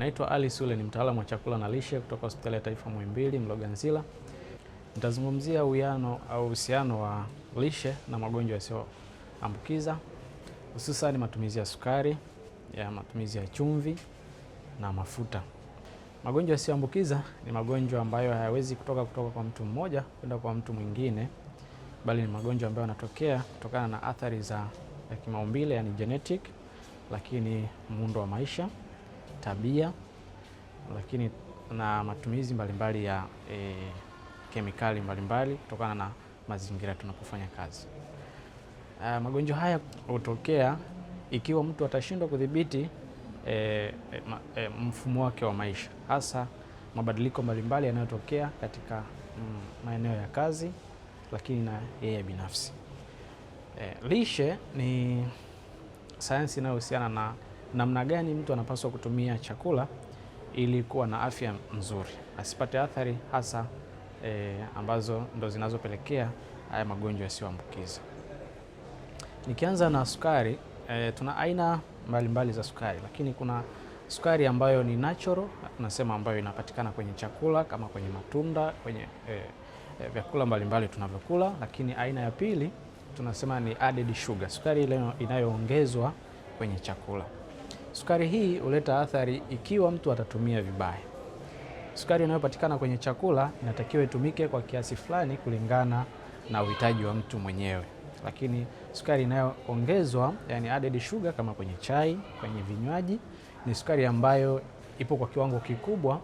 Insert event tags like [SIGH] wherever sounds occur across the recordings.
Naitwa Ali Sule, ni mtaalamu wa chakula na lishe kutoka Hospitali ya Taifa Muhimbili Mloganzila. Nitazungumzia uwiano au uhusiano wa lishe na magonjwa yasiyoambukiza hususan matumizi ya sukari, ya matumizi ya chumvi na mafuta. Magonjwa yasiyoambukiza ni magonjwa ambayo hayawezi kutoka kutoka kwa mtu mmoja kwenda kwa mtu mwingine, bali ni magonjwa ambayo yanatokea kutokana na athari za ya kimaumbile, yani genetic, lakini muundo wa maisha tabia, lakini na matumizi mbalimbali mbali ya e, kemikali mbalimbali kutokana na mazingira tunapofanya kazi. E, magonjwa haya hutokea ikiwa mtu atashindwa kudhibiti e, e, e mfumo wake wa maisha, hasa mabadiliko mbalimbali yanayotokea katika mm, maeneo ya kazi, lakini na yeye binafsi. E, lishe ni sayansi inayohusiana na namna gani mtu anapaswa kutumia chakula ili kuwa na afya nzuri, asipate athari hasa e, ambazo ndo zinazopelekea haya magonjwa yasiyoambukiza. Nikianza na sukari e, tuna aina mbalimbali za sukari, lakini kuna sukari ambayo ni natural tunasema, ambayo inapatikana kwenye chakula kama kwenye matunda, kwenye e, e, vyakula mbalimbali tunavyokula, lakini aina ya pili tunasema ni added sugar, sukari ile inayoongezwa kwenye chakula. Sukari hii huleta athari ikiwa mtu atatumia vibaya. Sukari inayopatikana kwenye chakula inatakiwa itumike kwa kiasi fulani kulingana na uhitaji wa mtu mwenyewe, lakini sukari inayoongezwa, yani added sugar, kama kwenye chai, kwenye vinywaji, ni sukari ambayo ipo kwa kiwango kikubwa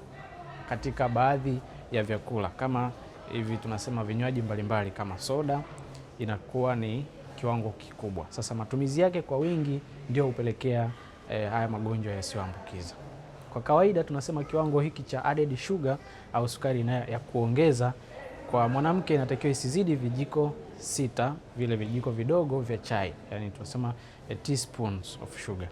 katika baadhi ya vyakula kama hivi tunasema vinywaji mbalimbali kama soda inakuwa ni kiwango kikubwa. Sasa matumizi yake kwa wingi ndio hupelekea e, haya magonjwa yasiyoambukiza. Kwa kawaida tunasema kiwango hiki cha added sugar au sukari na ya kuongeza kwa mwanamke inatakiwa isizidi vijiko sita, vile vijiko vidogo vya chai, yani tunasema eh, teaspoons of sugar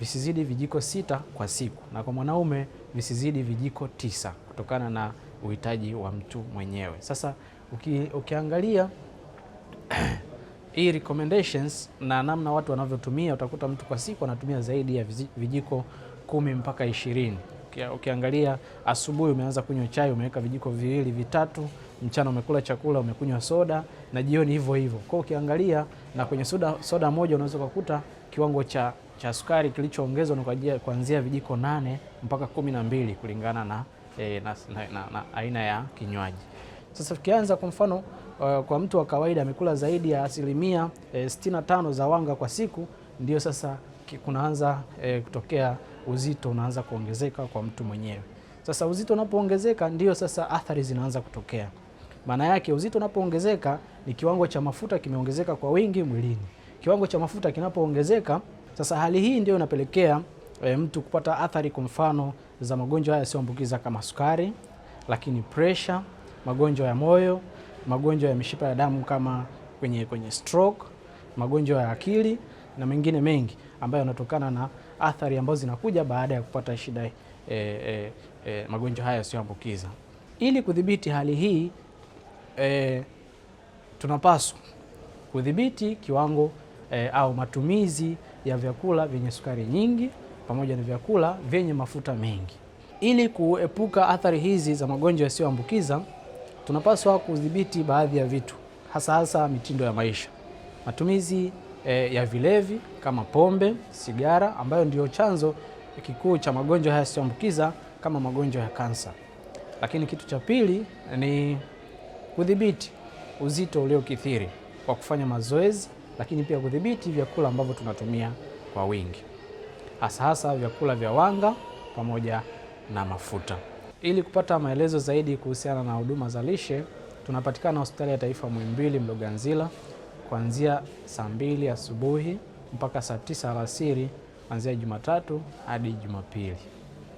visizidi vijiko sita kwa siku, na kwa mwanaume visizidi vijiko tisa kutokana na uhitaji wa mtu mwenyewe. Sasa uki, ukiangalia [CLEARS THROAT] hii recommendations na namna watu wanavyotumia, utakuta mtu kwa siku anatumia zaidi ya vijiko kumi mpaka ishirini. Ukiangalia asubuhi umeanza kunywa chai, umeweka vijiko viwili vitatu, mchana umekula chakula, umekunywa soda na jioni hivyo hivyo. Kwa ukiangalia na kwenye soda, soda moja unaweza kukuta kiwango cha, cha sukari kilichoongezwa ni kuanzia vijiko nane mpaka kumi na mbili kulingana na, eh, na, na, na, na aina ya kinywaji. Sasa tukianza kwa mfano uh, kwa mtu wa kawaida amekula zaidi ya asilimia eh, 65 za wanga kwa siku, ndio sasa kunaanza eh, kutokea uzito unaanza kuongezeka kwa mtu mwenyewe. Sasa uzito unapoongezeka ndio sasa athari zinaanza kutokea. Maana yake uzito unapoongezeka ni kiwango cha mafuta kimeongezeka kwa wingi mwilini. Kiwango cha mafuta kinapoongezeka sasa, hali hii ndio inapelekea e, mtu kupata athari kwa mfano za magonjwa haya yasiyoambukiza kama sukari, lakini pressure magonjwa ya moyo, magonjwa ya mishipa ya damu kama kwenye, kwenye stroke, magonjwa ya akili na mengine mengi ambayo yanatokana na athari ambazo zinakuja baada ya kupata shida e, e, e, magonjwa haya yasiyoambukiza. Ili kudhibiti hali hii e, tunapaswa kudhibiti kiwango e, au matumizi ya vyakula vyenye sukari nyingi pamoja na vyakula vyenye mafuta mengi ili kuepuka athari hizi za magonjwa yasiyoambukiza tunapaswa kudhibiti baadhi ya vitu, hasa hasa mitindo ya maisha, matumizi e, ya vilevi kama pombe, sigara, ambayo ndiyo chanzo kikuu cha magonjwa haya yasiyoambukiza kama magonjwa ya kansa. Lakini kitu cha pili ni kudhibiti uzito uliokithiri kwa kufanya mazoezi, lakini pia kudhibiti vyakula ambavyo tunatumia kwa wingi, hasa hasa vyakula vya wanga pamoja na mafuta. Ili kupata maelezo zaidi kuhusiana na huduma za lishe, tunapatikana hospitali ya taifa Muhimbili Mloganzila kuanzia saa mbili asubuhi mpaka saa tisa alasiri kuanzia Jumatatu hadi Jumapili.